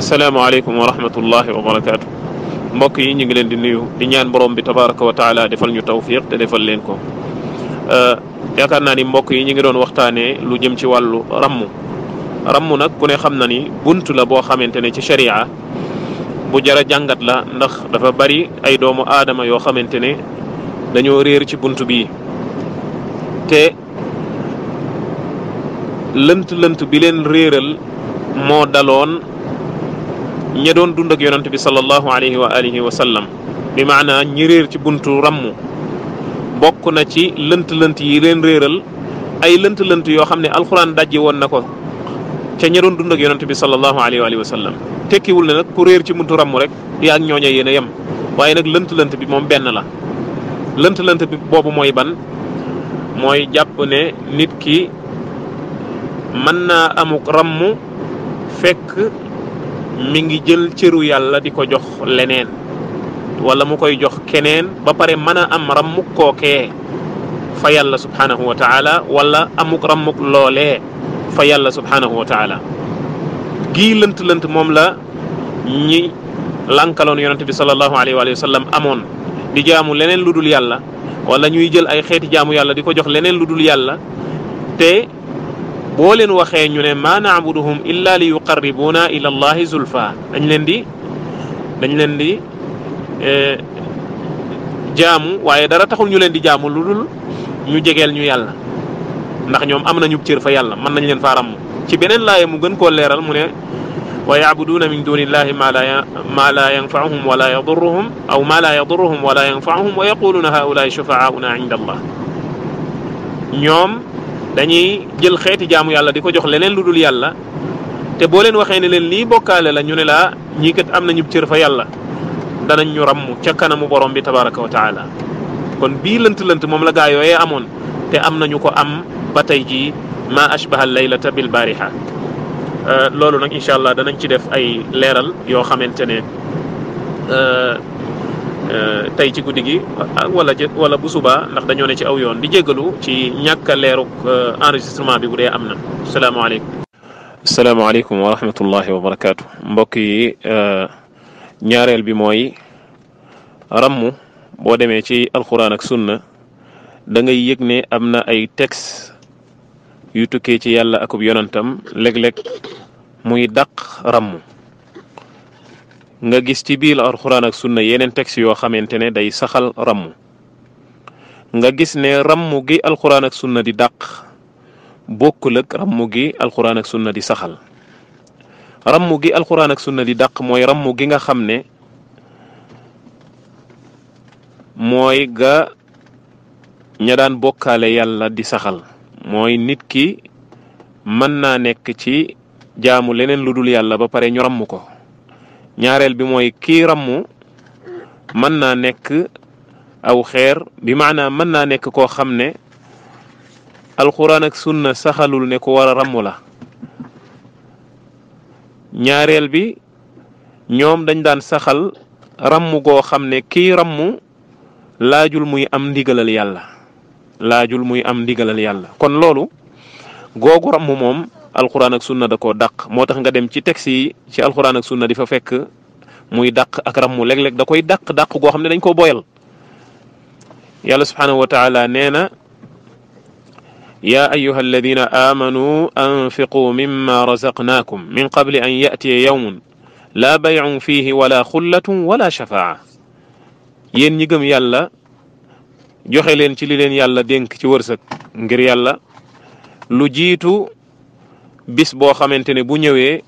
asalaamaaleykum wa rahmatullahi wa barakaatu mbokk yi ñu ngi leen di nuyu di ñaan borom bi tabaraka wa taala defal ñu tawfiq te defal leen ko yaakaar naa ni mbokk yi ñu ngi doon waxtaanee lu jëm ci wàllu ramm ramm nag ku ne xam na ni bunt la boo xamante ne ci sharia bu jara jàngat la ndax dafa bari ay doomu aadama yoo xamante ne dañoo réer ci bunt bii te lënt lënt bi leen réeral moo daloon ña doon dund ak yonent bi sallallahu alayhi wa alihi wa sallam bi maanaa ñi réer ci buntu ràmm bokk na ci lënt-lënt yi leen réeral ay lënt-lënt yoo xam ne alxuraan daj woon na ko ca ña doon dund ak yonent bi sallallahu alayhi wa alihi wa sallam tekkiwul ne nag ku réer ci buntu ràmm rek yaa ak ñooña yéen a yem waaye nag lënt-lënt bi moom benn la lënt-lënt bi boobu mooy ban mooy jàpp ne nit ki mën naa amuk ràmm fekk mi ngi jël cëru yàlla di ko jox leneen wala mu koy jox keneen ba pare mën a am rammuk kookee fa yàlla subhanahu wa taala wala amuk rammuk loole fa yàlla subhanahu wa taala gii lënt-lënt moom la ñi lànkaloon yonente bi sallallahu alayhi wa sallam amoon di jaamu leneen lu dul yàlla wala ñuy jël ay xeeti jaamu yàlla di ko jox leneen lu dul yàlla te بولن وخين ين ما نعبدهم الا ليقربونا الى الله زلفا نلن دي نلن دي ا إيه، جامو واي دارا تاخول ني لن دي جامو لودول ني جيغل ني يالنا ناخ نيوم امنا نيو تير فا يالنا من نان لن فا رام سي بنين لاي مو غن كو ليرال مو ني ويعبدون من دون الله ما لا ما لا ينفعهم ولا يضرهم او ما لا يضرهم ولا ينفعهم ويقولون هؤلاء شفعاؤنا عند الله نيوم dañuy jël xeeti jaamu yàlla di ko jox leneen lu dul yàlla te boo leen waxee ne leen lii bokkaale la ñu ne laa ñii kat am nañu cër fa yàlla danañ ñu ràmm ca kanamu borom bi tabaraka wa taala kon bii lënt-lënt moom la gaa yooyee amoon te am nañu ko am ba tey jii ma ashbaha laylata bil bariha euh, loolu nag incha allah danañ ci def ay leeral yoo xamante ne euh, Euh, tey ci guddi gi wala wala bu subaa ndax dañoo ne ci aw yoon di jéggalu ci ñàkk a leeruk euh, enregistrement bi bu dee am na salaamaaleykum. salaamaaleykum wa rahmatullahi wa mbokk yi euh, ñaareel bi mooy rammu boo demee ci alquran ak sunna da ngay yëg ne am na ay texte yu tukkee ci yàlla akub yonantam léeg-léeg muy dàq rammu. nga gis ci biir alxuraan ak sunna yeneen text yoo xamante ne day saxal ramm nga gis ne ramm gi alxuraan ak sunna di dàq bokkul ak ramm gi alxuraan ak sunna di saxal ramm gi alxuraan ak sunna di dàq mooy ramm gi nga xam ne mooy ga ña daan bokkaale yàlla di saxal mooy nit ki mën naa nekk ci jaamu leneen lu dul yàlla ba pare ñu ramm ko ñaareel bi mooy kii rammu mën naa nekk aw xeer bi maanaam mën naa nekk koo xam ne alxuraan ak sunna saxalul ne ku war a ramm la ñaareel bi ñoom dañ daan saxal ramm goo xam ne kii rammu laajul muy am ndigalal yàlla laajul muy am ndigalal yàlla kon loolu googu ramm moom alxuraan ak sunna da koo dàq moo tax nga dem ci texte yi ci alxuraan ak sunna di fa fekk muy daq ak mu léeg-léeg da koy daq dàq goo xam ne dañ koo boyal yàlla subhaanahu wa taala nee na yaa ayyuha alladina aamanu anfiqu mimma razaqnaakum min qabli an yatiya yawmun laa bayun fiihi wala xullatun wala shafaa yéen ñi gëm yàlla joxe leen ci li leen yàlla dénk ci wërsëg ngir yàlla lu bis boo xamante ne bu ñëwee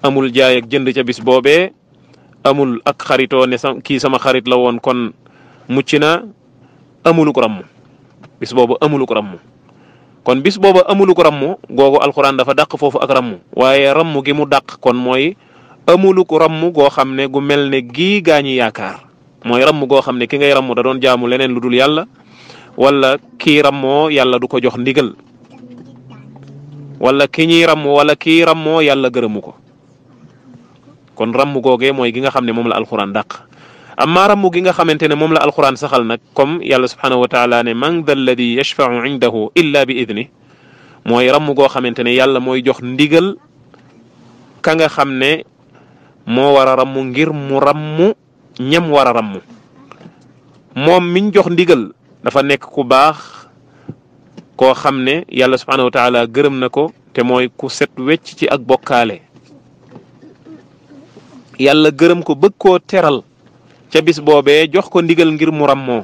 amul jaay ak jënd ca bis boobee amul ak xaritoo ne sa kii sama xarit la woon kon mucc na amulu ko ramm bis boobu amulu ko ramm kon bis booba amulu ko ramm googu alxuraan dafa dàq foofu ak ramm waaye ramm gi mu dàq kon mooy amulu ko ramm goo xam ne gu mel ne gii gaañu yaakaar mooy ramm goo xam ne ki ngay ramm da doon jaamu leneen lu dul yàlla wala kii rammoo yàlla du ko jox ndigal wala ki ñuy ramm wala kii rammoo yàlla gërëmu ko kon ramm googee mooy gi nga xam ne moom la alxuraan daq amma ramm gi nga xamante ne moom la alxuraan saxal nag comme yàlla subhanahu wa taala ne man da alladi yashfau indahu illa bi idni mooy ramm goo xamante ne yàlla mooy jox ndigal ka nga xam ne moo war a ramm ngir mu ramm ñam war a ramm moom miñ jox ndigal dafa nekk ku baax koo xam ne yàlla subhaanahu wa taala gërëm na ko te mooy ku set wecc ci ak bokkaale yàlla gërëm ko bëgg koo teral ca bis boobee jox ko ndigal ngir mu rammoo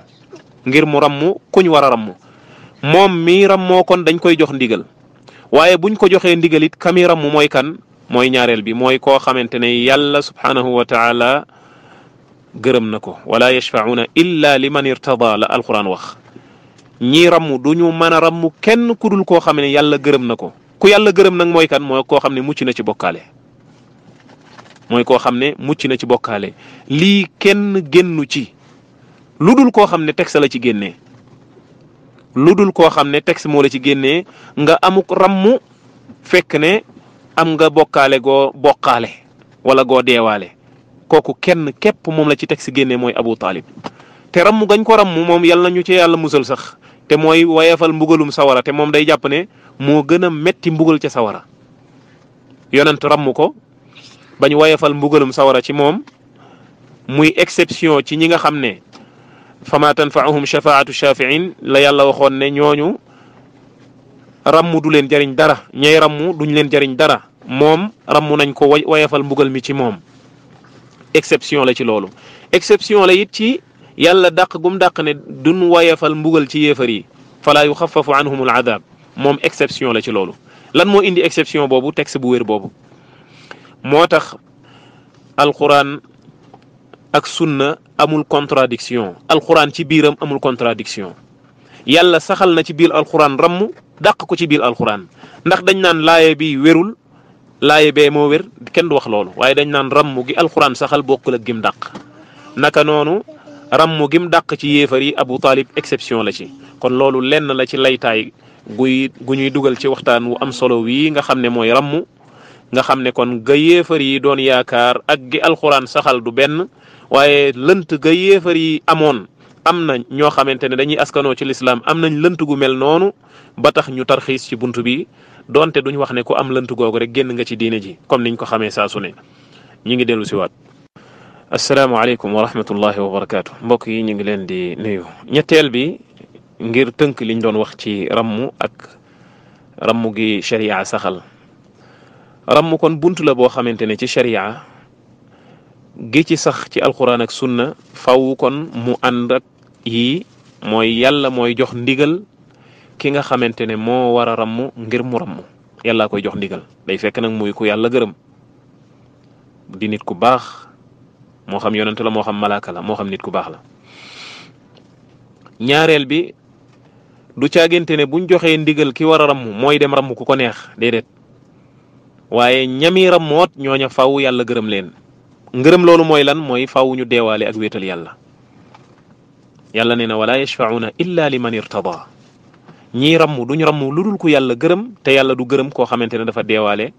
ngir mu rammu kuñ war a rammu moom mii rammoo kon dañ koy jox ndigal waaye buñ ko joxee ndigal it kami rammu mooy kan mooy ñaareel bi mooy koo xamante ne yàlla subhaanahu wa taala gërëm na ko wala yashfauna li man irtada la alquran wax ñii ramm du ñu mën a ramm kenn ku dul koo xam ne yàlla gërëm na ko ku yàlla gërëm nag mooy kan mooy koo xam ne mucc na ci bokkaale mooy koo xam ne mucc na ci bokkaale lii kenn génnu ci lu dul koo xam ne texte la ci génnee lu dul koo xam ne texte moo la ci génnee nga amuk ramm fekk ne am nga bokkaale goo bokkaale wala goo deewaale kooku kenn képp moom la ci texte génnee mooy Abu Talib te ramm gañ ko rammu moom yal na ñu ci yàlla musal sax te mooy wayefal mbugalum sawara te moom day jàpp ne moo gën a metti mbugal ca sawara yonant ramm ko bañ wayefal mbugalum sawara ci moom muy exception ci ñi nga xam ne fama tanfaahum shafaatu shafiin la yàlla waxoon ne ñooñu ramm du leen jariñ dara ñay ramm duñ leen jariñ dara moom ramm nañ ko wayefal mbugal mi ci moom exception la ci loolu exception la it ci yàlla dàq gum dàq ne duñ wayafal mbugal ci yéefar yi falaa yuxafafu anhumul adab moom exception la ci loolu lan moo indi exception boobu texte bu wér boobu moo tax alquran ak sunna amul contradiction alquran ci biiram amul contradiction yàlla saxal na ci biir alquran ramm dàq ko ci biir alquran ndax dañ naan laaye bi wérul laaye bee moo wér kenn du wax loolu waaye dañ naan ramm gi alquran saxal bokkul ak gim dàq naka noonu ràmm gim dàq ci yéefar yi Abu Talib exception la ci kon loolu lenn la ci laytaay guy gu ñuy dugal ci waxtaan wu am solo wii nga xam ne mooy ràmm nga xam ne kon ga yéefar yi doon yaakaar ak gi alxuraan saxal du benn waaye lënt ga yéefar yi amoon am na ñoo xamante ne dañuy askanoo ci lislaam am nañ lënt gu mel noonu ba tax ñu tarxiis ci bunt bi donte duñ wax ne ku am lënt googu rek génn nga ci diine ji comme niñ ko xamee saa su ne ñi ngi dellu si alaykum wa rahmatullahi wa barakaatu mbokk yi ñu ngi leen di nuyu ñetteel bi ngir tënk liñ doon wax ci rammu ak rammu gi sharia saxal rammu kon bunt la boo xamante ne ci sharia gi ci sax ci alquran ak sunna faw kon mu ànd ak yii mooy yàlla mooy jox ndigal ki nga xamante ne moo war a rammu ngir mu rammu yàllaa koy jox ndigal day fekk nag muy ku yàlla gërëm di nit ku baax moo xam yonent la moo xam malaaka la moo xam nit ku baax la ñaareel bi du caagante ne buñ joxee ndigal ki war a mooy dem ramm ku ko neex déedéet waaye ñami rammoot ñooña faw yàlla gërëm leen ngërëm loolu mooy lan mooy faw ñu deewaale ak wéetal yàlla yàlla nee na wala yashfauna illa li man irtada ñiy ramm duñ ramm lu dul ku yàlla gërëm te yàlla du gërëm koo xamante ne dafa deewaale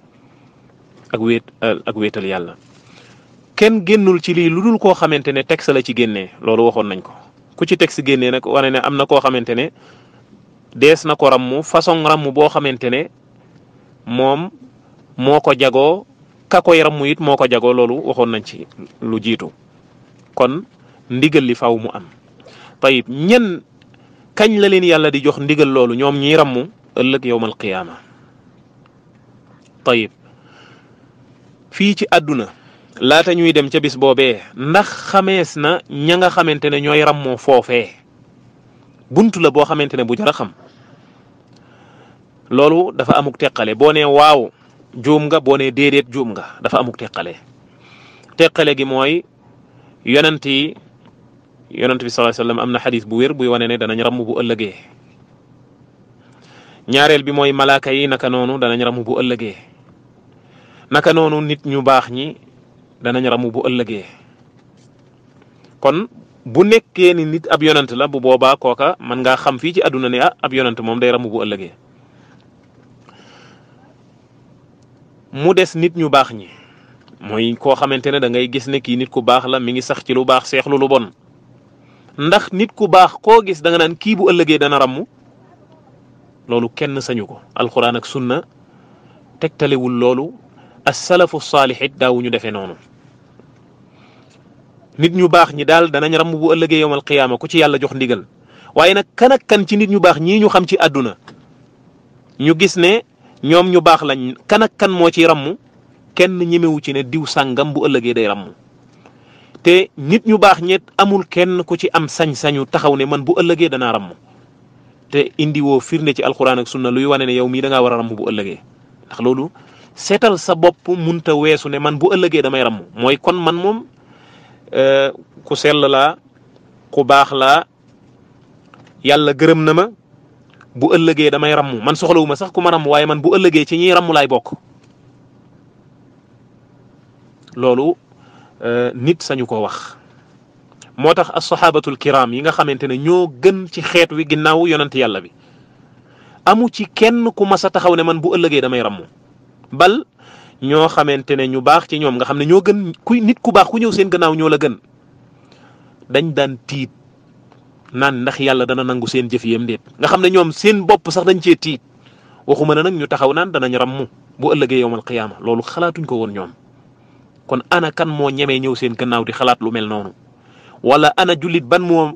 ak wéet ak wéetal yàlla kenn génnul ci lii lu dul koo xamante ne texte la ci génnee loolu waxoon nañ ko ku ci texte génnee nag wane ne am na koo xamante ne dees na ko ràmm façon rammu boo xamante ne moom moo ko jagoo ka koy ràmm it moo ko jagoo loolu waxoon nañ ci lu jiitu kon ndigal li faw mu am tayib ñen kañ la leen yàlla di jox ndigal loolu ñoom ñiy ràmm ëllëg yowmal qiyaama tayib fii ci àdduna laata ñuy dem ca bis boobee ndax xamees na ña nga xamante ne ñooy rammoo foofee bunt la boo xamante ne bu jar a xam loolu dafa amug teqale boo nee waaw juum nga boo nee déedéet juum nga dafa amug teqale teqale gi mooy yonent yi yonent bi sallallahu alayhi wasallam am na xadis bu wér buy wane ne danañ ramm bu ëllëgee ñaareel bi mooy malaaka yi naka noonu danañ ramm bu ëllëgee naka noonu nit ñu baax ñi danañ ramu bu ëllëgee kon bu nekkee ni nit ab yonant la bu boobaa kooka man ngaa xam fii ci àdduna ne ah ab yonant moom day ramu bu ëllëgee mu des nit ñu baax ñi mooy koo xamante ne da ngay gis ne kii nit ku baax la mi ngi sax ci lu baax seexlu lu bon ndax nit ku baax koo gis da nga naan kii bu ëllëgee dana ramu loolu kenn sañu ko alquran ak sunna wul loolu as salafu saalix it daawuñu defee noonu. nit ñu baax ñi daal danañ ramm bu ëllëgee yowmal qiyaama ku ci yàlla jox ndigal waaye nag kan kan ci nit ñu baax ñii ñu xam ci àdduna ñu gis ne ñoom ñu baax lañ kan kan moo ci ramm kenn ñemewu ci ne diw sàngam bu ëllëgee day ramm te nit ñu baax ñet amul kenn ku ci am sañ-sañu taxaw ne man bu ëllëgee danaa ramm te indi woo firnde ci alxuraan ak sunna luy wane ne yow mii danga ngaa war a ramm bu ëllëgee ndax loolu seetal sa bopp munta weesu ne man bu ëllëgee damay ramm mooy kon man moom ku sell la ku baax la yàlla gërëm na ma bu ëllëgee damay ram man soxlawuma sax ku ma ram waaye man bu ëllëgee ci ñiy ram laay bokk loolu nit sañu ko wax moo tax as kiram yi nga xamante ne ñoo gën ci xeet wi ginnaaw yonent yàlla bi amu ci kenn ku mas a taxaw ne man bu ëllëgee damay ram bal ñoo xamante ne ñu baax ci ñoom nga xam ne ñoo gën kuy nit ku baax ku ñëw seen gannaaw ñoo la gën dañ daan tiit naan ndax yàlla dana nangu seen jëf yem déet nga xam ne ñoom seen bopp sax dañ cee tiit waxuma ne nag ñu taxaw naan danañ ràmm bu ëllëgee yowmal qiyaama loolu xalaatuñ ko woon ñoom kon ana kan moo ñemee ñëw seen gannaaw di xalaat lu mel noonu wala ana jullit ban moo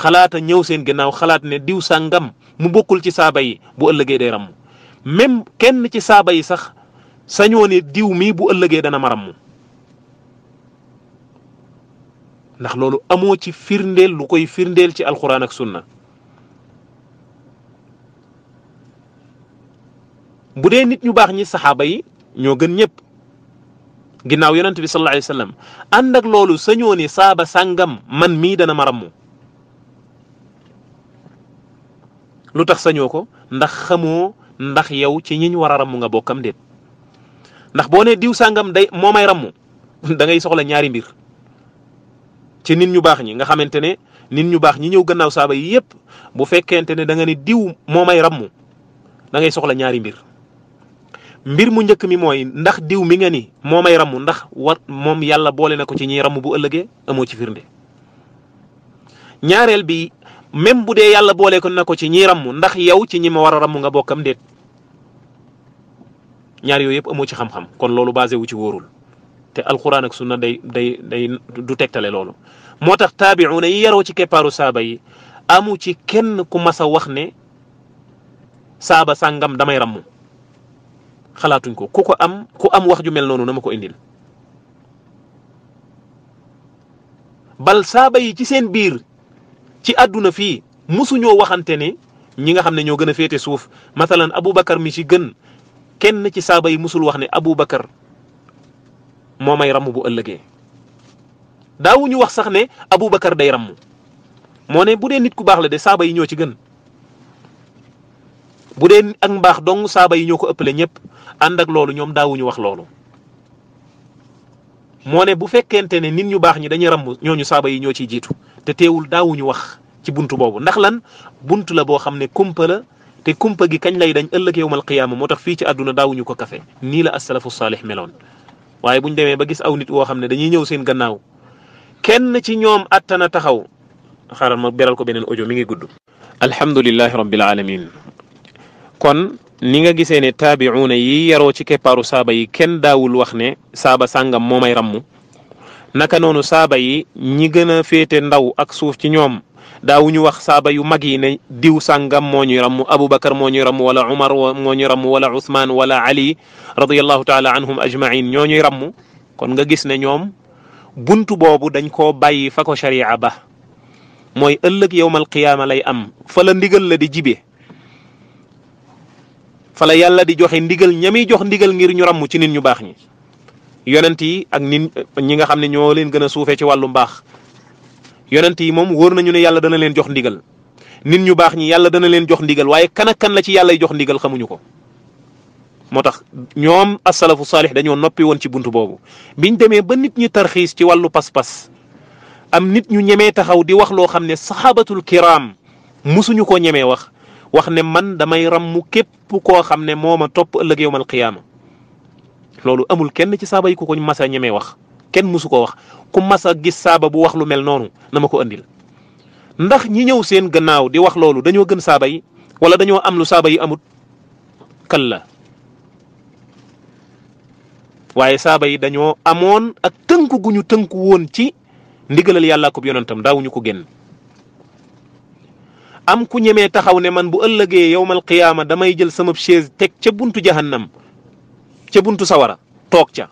xalaata ñëw seen gannaaw xalaat ne diw sàngam mu bokkul ci saaba yi bu ëllëgee day même kenn ci saaba yi sax sañoo ne diw mii bu ëllëgee dana maram mu ndax loolu amoo ci firndeel lu koy firndeel ci alxuraan ak sunna bu dee nit ñu baax ñi saxaaba yi ñoo gën ñëpp ginnaaw yonent bi sallallahu alayhi ànd ak loolu sañoo ne saaba sàngam man mii dana maram mu lu tax sañoo ko ndax xamoo ndax yow ci ñiñ war a ramm nga bokkam déet ndax bo ne diw sangam day momay ramu da ngay soxla ñaari mbir ci nit ñu bax ñi nga xamantene ne nit ñu bax ñi ñew gannaaw saaba yi yépp bu fekkente ne da nga ni diw momay ramu da ngay soxla ñaari mbir mbir mu njëkk mi mooy ndax diw mi nga ni momay ramu ndax war boole na ko ci ñi ramu bu ëllëgé amo ci firnde ñaarel bi même bu dee yàlla boole ko na ko ci ñi ramu ndax yow ci ñi ma war a nga bokkam déet ñaar yooyu yëpp amoo ci xam-xam kon loolu basé wu ci wóorul te alquran ak sunna day day day du tegtale loolu moo tax taabi'una yi yaroo ci keppaaru saaba yi amu ci kenn ku masa wax ne saaba sàngam damay ramu xalaatuñ ko ku ko am ku am wax ju mel noonu na ma ko indil bal saaba yi ci seen biir ci àdduna fii musuñoo waxante ne ñi nga xam ne ñoo gën a féete suuf masalan Aboubacar mi ci gën kenn ci saaba yi musul wax ne Abu Bakar moo may ramm bu ëllëgee daawuñu wax sax ne Abu Bakar day ramm moo ne bu dee nit ku baax la de saaba yi ñoo ci gën bu dee ak mbaax dong saaba yi ñoo ko ëppale ñëpp ànd ak loolu ñoom daawuñu wax loolu. moo ne bu fekkente ne nit ñu baax ñi dañuy ramm ñooñu saaba yi ñoo ciy jiitu te teewul daawuñu wax ci bunt boobu ndax lan bunt la boo xam ne kumpa te kumpa gi kañ lay dañ ëllëg yowmal moo tax fii ci àdduna daawuñu ko kafe nii la asalafu saalix meloon waaye buñ demee ba gis aw nit woo xam ne dañuy ñëw seen gannaaw kenn ci ñoom attana taxaw xaaral ma beral ko beneen ojo mi ngi gudd alhamdulilahi rabbil alamin kon ni nga gisee ne taabiuuna yi yaroo ci keppaaru saaba yi kenn daawul wax ne saaba sàngam moomay rammu naka noonu saaba yi ñi gën a féete ndaw ak suuf ci ñoom daawuñu wax saaba yu mag yi ne diw sàngam moo ñuy ramm Aboubacar moo ñuy ramm wala Umar moo ñuy ramm wala Ousmane wala Ali radiyallahu taala anhum ajmain ñoo ñuy ramm kon nga gis ne ñoom buntu boobu dañ koo bàyyi fa ko sharia ba mooy ëllëg yowmal qiyaama lay am fa ndigal la di jibe fa la yàlla di joxe ndigal ñami jox ndigal ngir ñu ramm ci nit ñu baax ñi yonent yi ak nit ñi nga xam ne ñoo leen gën a suufee ci wàllu mbaax yonent yi moom wóor nañu ne yàlla dana leen jox ndigal nit ñu baax ñi yàlla dana leen jox ndigal waaye kan ak la ci yàllay jox ndigal xamuñu ko moo tax ñoom asalafu saalix dañoo noppi woon ci bunt boobu bi ñu demee ba nit ñi tarxiis ci wàllu pas-pas am nit ñu ñemee taxaw di wax loo xam ne saxaabatul kiraam musuñu ko ñemee wax wax ne man damay rammu képp koo xam ne mooma topp topp ëllëg yowmal qiyaama loolu amul kenn ci saaba yi ku ko masa ñemee wax kenn mosu ko wax ku masa gis saaba bu wax lu mel noonu na ma ko indil ndax ñi ñëw seen gannaaw di wax loolu dañoo gën saaba yi wala dañoo am lu saaba yi amut la waaye saaba yi dañoo amoon ak tënku gu ñu tënku woon ci ndigalal yàlla ko yonentam daawuñu ko génn am ku ñemee taxaw ne man bu ëllëgee yowmal qiyaama damay jël sama chaise teg ca buntu jahannam ca buntu sawara toog ca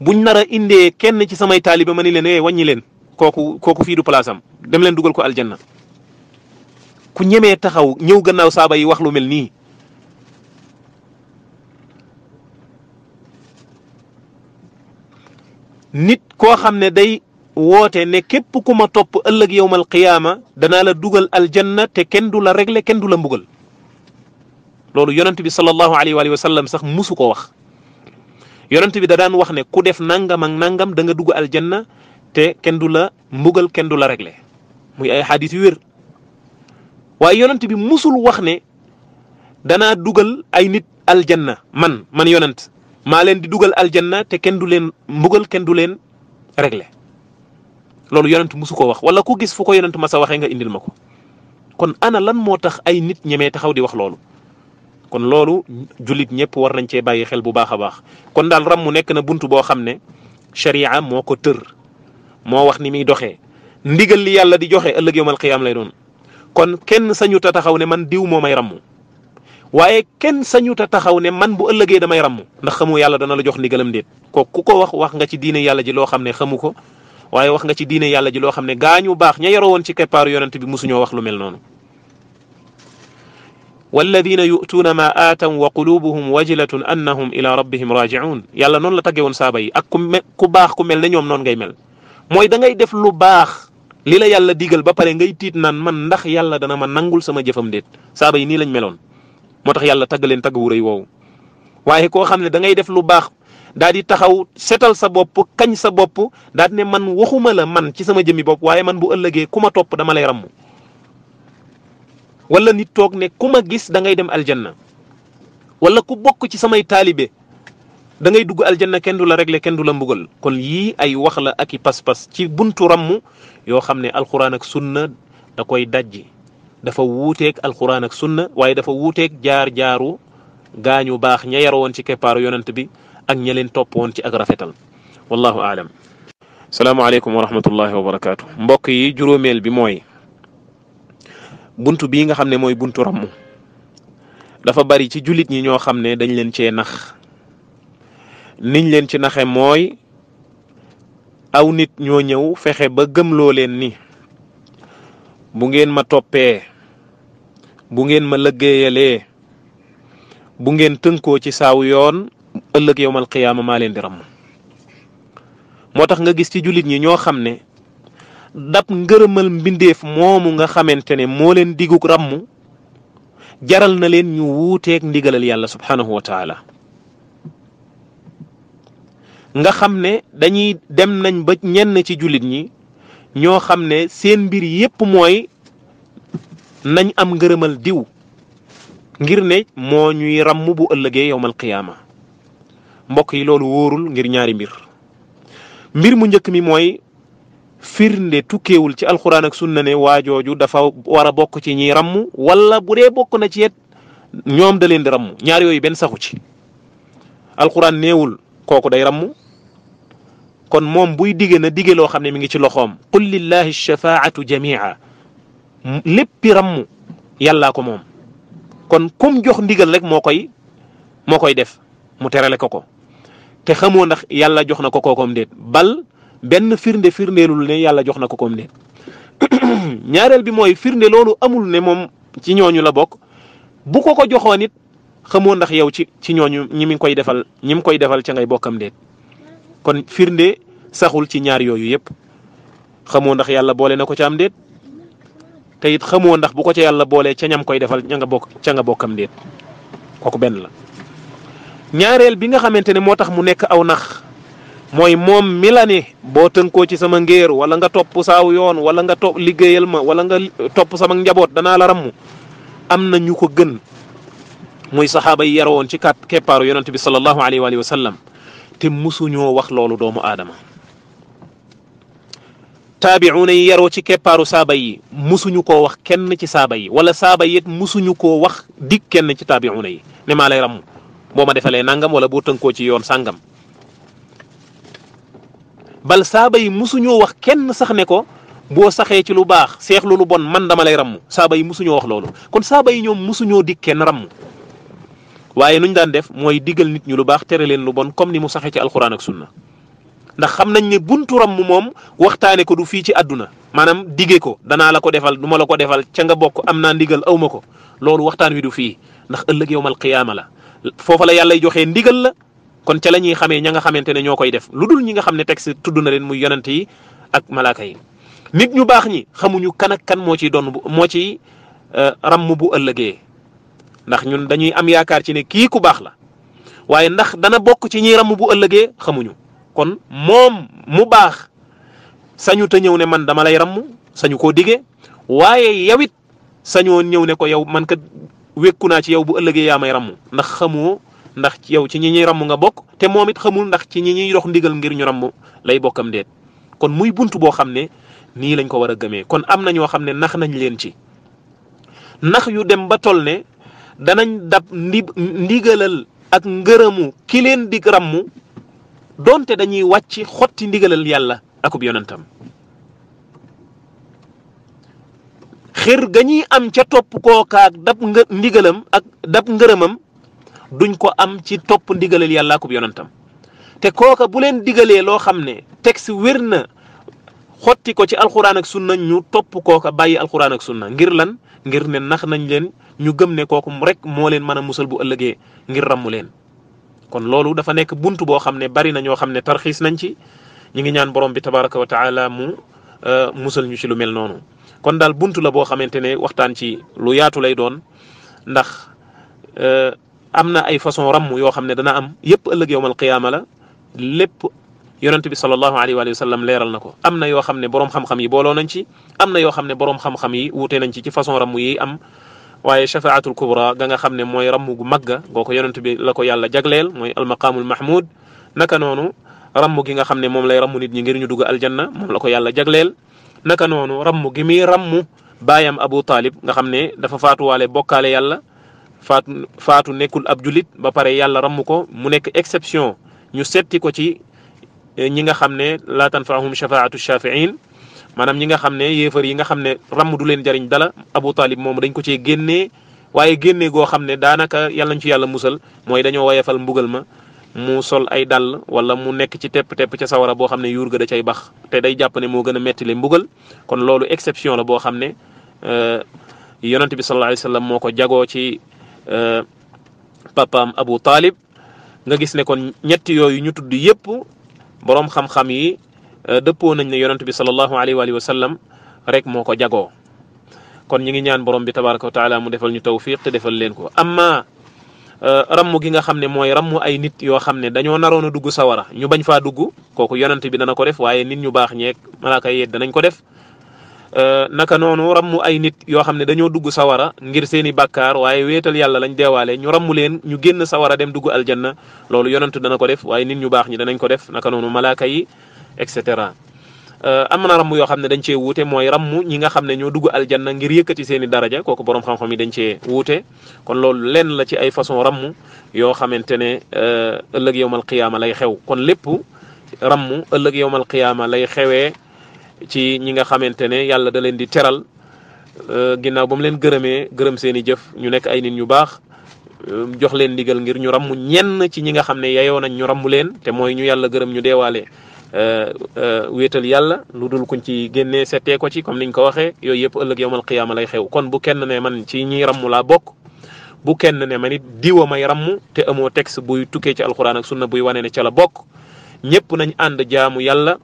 buñ nar a indee kenn ci samay taalibe ma ni leen eh wàññi leen kooku kooku fii du place am dem leen dugal ko aljanna ku ñemee taxaw ñëw gannaaw saaba yi wax lu mel nii. nit koo xam ne day woote ne képp ku ma topp ëllëg yowmal qiyaama danaa la dugal aljanna te kenn du la réglé kenn du la mbugal loolu yonent bi sallallahu alayhi wa sallam sax musu ko wax. yonent bi da daan wax ne ku def nangam ak nangam da nga dugg aljanna te kendula du la mbugal ken du la régler muy ay hadith yu waaye musul wax ne danaa dugal ay nit aljanna man man yonent maa leen di dugal aljanna te ken du leen mbugal ken du leen régler loolu yonent musu ko wax wala ku gis fu yonent masa waxe nga indil ma kon ana lan moo tax ay nit ñemee taxaw di wax loolu kon loolu jullit ñëpp war nañ cee bàyyi xel bu baax a baax kon daal ram mu nekk na bunt boo xam ne sharia moo ko tër moo wax ni muy doxee ndigal li yàlla di joxe ëllëg yowmal qiyaam lay doon kon kenn sañu a taxaw ne man diw moo may ramm waaye kenn sañu a taxaw ne man bu ëllëgee damay ramm ndax xamu yàlla dana la jox ndigalam déet ko ku ko wax wax nga ci diine yàlla ji loo xam ne xamu ko waaye wax nga ci diine yàlla ji loo xam ne gaa ñu baax ña yaroo ci keppaaru bi mosuñoo wax lu mel noonu walladina yu'tuuna maa aataw wa qulubuhum wajilatun annahum ila rabbihim raji'un yàlla noonu la tagge woon saaba yi ak ku me ku baax ku mel ne ñoom noonu ngay mel mooy da ngay def lu baax li la yàlla digal ba pare ngay tiit naan man ndax yàlla dana ma nangul sama jëfam déet saaba yi nii lañ meloon moo tax yàlla tagg leen tagg wu rëy woowu waaye koo xam ne da ngay def lu baax daal di taxaw setal sa bopp kañ sa bopp daal di ne man waxuma la man ci sama jëmmi bopp waaye man bu ëllëgee ku ma topp dama lay ramm wala nit tok ne kuma gis da ngay dem aljanna wala ku bok ci samay talibé da ngay dugg aljanna kenn du la régler kenn du la mbugal kon yi ay wax la ak i pas-pas ci buntu ràmm yo xamne ne ak sunna da koy dajji dafa wuuteeg alxuraan ak sunna waaye dafa ak jaar-jaaru gañu bax ña yarawon ci kepar yonent bi ak ña leen topp woon ci ak rafetal wallahu aalam alaykum wa rahmatullahi wa barakatuh mbok yi juromel bi moy bunt bii nga xam ne mooy buntu ramm dafa bari ci jullit ñi ñoo xam ne dañ leen cee nax niñ leen ci naxe mooy aw nit ñoo ñëw fexe ba gëmloo leen ni bu ngeen ma toppee bu ngeen ma lëggéeyalee bu ngeen tënkoo ci saaw yoon ëllëg yowmal qiyaama maa leen di ramm moo tax nga gis ci jullit ñi ñoo xam ne dab ngërëmal mbindeef moomu nga xamante ne moo leen diguk ràmm jaral na leen ñu wuuteeg ndigalal yàlla subhanahu wa nga xam ne dañuy dem nañ ba ñenn ci jullit ñi ñoo xam ne seen mbir yépp mooy nañ am ngërëmal diw ngir ne moo ñuy ràmm bu ëllëgee yowmal qiyaama mbokk yi loolu wóorul ngir ñaari mbir mbir mu njëkk mi mooy firnde tukkeewul ci alxuraan ak sunna ne waajooju dafa war a bokk ci ñi ramm wala bu dee bokk na ci yet ñoom da leen di ramm ñaar yooyu benn saxu ci alxuraan neewul kooku day ramm kon moom buy dige na dige loo xam ne mu ngi ci loxoom qul lillahi shafaatu jamia léppi ramm yàllaa ko moom kon kum jox ndigal rek moo koy moo koy def mu terale ko ko te xamoo ndax yàlla jox na ko kookoom déet bal benn firnde firnde firndeelul ne yàlla jox na ko comme neen ñaareel bi mooy firnde loolu amul ne moom ci ñooñu la bokk bu ko ko joxoon it xamoo ndax yow ci ci ñooñu ñi mi koy defal ñi mu koy defal ca ngay bokkam déet kon firnde saxul ci ñaar yooyu yëpp xamoo ndax yàlla boole na ko ca am déet te it xamoo ndax bu ko ca yàlla boolee ca ñam koy defal ña nga bokk ca nga bokkam déet kooku benn la ñaareel bi nga xamante ne moo tax mu nekk aw nax mooy moom milane boo tënkoo ci sama ngéer wala nga topp saaw yoon wala nga topp liggéeyal ma wala nga topp sama njaboot danaa la ramu am na ñu ko gën muy saxaaba yi yar woon ci kat keppaaru yonent bi sallallahu alayhi wa sallam te musuñoo wax loolu doomu aadama taabi'uuna yi yaroo ci keppaaru saaba yi musuñu koo wax kenn ci saaba yi wala saaba yit it musuñu koo wax dig kenn ci taabi'uuna yi ne maa lay ramm boo ma defalee nangam wala boo tënkoo ci yoon sàngam bal saaba musuñu wax kenn sax ne ko bo saxé ci lu bax cheikh lu bon man dama lay ram saaba musuñu wax lolu kon saaba ñom musuñu musuñoo dig kenn ramm waaye nuñ daan def moy digal nit ñu lu bax tere leen lu bon comme ni mu saxé ci alcorane ak sunna ndax xam nañ ne buntu ram mom waxtane ko du fi ci aduna manam dige ko dana la ko defal duma la ko defal ca nga bok amna ndigal awmako lolu ko wi du fi ndax ëllëg yowmal qiyamala fofu la yàlla joxé ndigal la kon ca la ñuy xamee ña nga xamante ne ñoo koy def lu dul ñi nga xam ne texte tudd na leen muy yonent yi ak malaaka yi nit ñu baax ñi xamuñu kan kan moo ciy doon moo ciy euh, ràmm bu ëllëgee ndax ñun dañuy am yaakaar ci ne kii ku baax la waaye ndax dana bokk ci ñiy ràmm bu ëllëgee xamuñu kon moom mu baax sañu te ñëw ne man dama lay ràmm sañu koo digee waaye yow it sañoo ñëw ne ko yow man kat wékku naa ci yow bu ëllëgee yaa may ràmm ndax xamoo ndax ci yow ci ñi ñuy ramm nga bokk te moom it xamul ndax ci ñi ñuy dox ndigal ngir ñu ramm lay bokkam déet kon muy bunt boo xam ne nii lañ ko war a gëmee kon am na ñoo xam ne nax nañ leen ci nax yu dem ba toll ne danañ dab ndi ndigalal ak ngërëmu ki leen di ramm donte dañuy wàcc xotti ndigalal yàlla akub yonentam xër ga ñuy am ca topp kookaak dab ndigalam ak dab ngërëmam duñ ko am ci topp yàllaa yàlla akub yonantam te kooka bu leen digalee loo xam ne texte wér na xotti ko ci alxuraan ak sunna ñu topp kooka bàyyi alxuraan ak sunna ngir lan ngir ne nax nañ leen ñu gëm ne kooku rek moo leen mën a musal bu ëllëgee ngir ràmm leen. kon loolu dafa nekk bunt boo xam ne bari na ñoo xam ne tarxiis nañ ci ñu ngi ñaan borom bi tabaraka wa taala mu euh, musal ñu ci lu mel noonu kon daal bunt la boo xamante ne waxtaan ci lu yaatu lay doon euh, am na ay façon ramm yoo xam ne dana am yëpp ëllëg yowmal qiyaama la lépp yonent bi sallallahu alayhi wa sallam leeral na ko am na yoo xam ne boroom xam-xam yi booloo nañ ci am na yoo xam ne boroom xam-xam yi wuute nañ ci ci façon ramm yi am waaye shafaatul kubra ga nga xam ne mooy ramm gu magga goo ko yonent bi la ko yàlla jagleel mooy almaqaamul mahmud naka noonu ramm gi nga xam ne moom lay ramm nit ñi ngir ñu dugg aljanna moom la ko yàlla jagleel naka noonu ramm gi muy ramm baayam abu taalib nga xam ne dafa faatuwaale bokkaale yàlla faatu faatu nekkul ab julit ba pare yàlla ramm ko mu nekk exception ñu setti ko ci eh, ñi nga xam ne laa tanfaahum shafaatu shafiin maanaam ñi nga xam ne yéefar yi nga xam ne ramm du leen jariñ dala Abu Talib moom dañ ko cee génnee waaye génnee goo xam ne daanaka yàlla ñu ci yàlla musal mooy dañoo wayefal mbugal ma mu sol ay dàll wala mu nekk ci tepp-tepp ca sawara boo xam ne yuur ga da cay bax te day jàpp ne moo gën a metti mbugal kon loolu exception la boo xam ne eh, yonent bi sallallahu alayhi moo ko jagoo ci Euh, papam Abu Talib nga gis ne kon ñetti yooyu ñu tudd yëpp boroom xam-xam yi euh, dëppoo nañ ne yonent bi sallallahu alayhi wa sallam rek moo ko jagoo kon ñu ngi ñaan borom bi tabaraka wa taala mu defal ñu tawfiq te defal leen ko amma euh, ramm gi nga xam ne mooy ramm ay nit yoo xam ne dañoo naroon a dugg sawara ñu bañ faa dugg kooku yonent bi dana ko def waaye nit ñu baax ñeek malaaka yi danañ ko def Euh, naka noonu rammu ay nit yoo xam ne dañoo dugg sawara ngir seen i bàkkaar waaye wéetal yàlla lañ deewaale ñu rammu leen ñu génn sawara dem dugg aljanna loolu yonentu dana ko def waaye nit ñu baax ñi danañ ko def naka noonu malaaka yi et cetera. Euh, am na ramm yoo xam ne dañ cee wuute mooy ramm ñi nga xam ne ñoo dugg aljanna ngir yëkkati seeni i daraja kooku borom xam-xam yi dañ cee wute kon loolu lenn la ci ay façon ramu yoo xamante ne euh, ëllëg yowmal qiyaama lay xew kon lépp ramm ëllëg yowmal lay xewee. ci ñi nga xamantene yalla da leen di teral euh, ginnaw ba mu leen gërëmee gërëm seeni jëf ñu nekk ay nit ñu bax euh, jox leen ndigal ngir ñu ram ñenn ci ñi nga xam ne yayoo nañ ñu ram leen te moy ñu yalla gërëm ñu deewaale euh, wéetal yàlla lu dul kuñ ci génné sété ko ci comme niñ ko waxé yoy yépp ëlëk yowmal qiyam lay xew kon bu kenn né man ci ñi ram la na bu kenn né man diwa may ram te amo texte buy tukkee ci alcorane ak sunna buy wane ne ci la bok ñepp nañ and jaamu yalla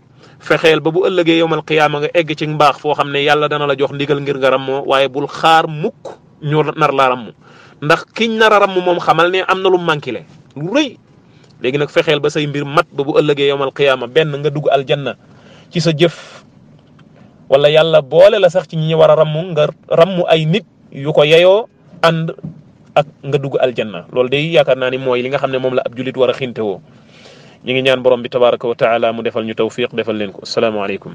fexeel ba bu ëllëgee yowmal qiyaama nga egg ci mbaax foo xam ne yàlla dana la jox ndigal ngir nga rammoo waaye bul xaar mukk ñu nar la rammu ndax kiñ nar a rammu moom xamal ne am na lu manqué le lu rëy léegi nag fexeel ba say mbir mat ba bu ëllëgee yowmal qiyaama benn nga dugg aljanna ci sa jëf wala yàlla boole la sax ci ñi war a rammu nga rammu ay nit yu ko yeyoo ànd ak nga dugg aljanna loolu day yaakaar naa ni mooy li nga xam ne moom la ab julit war a xinte ñi ngi ñaan borom bi tabaraka wa taala mu defal ñu tawfiq defal leen ko asalaamaaleykum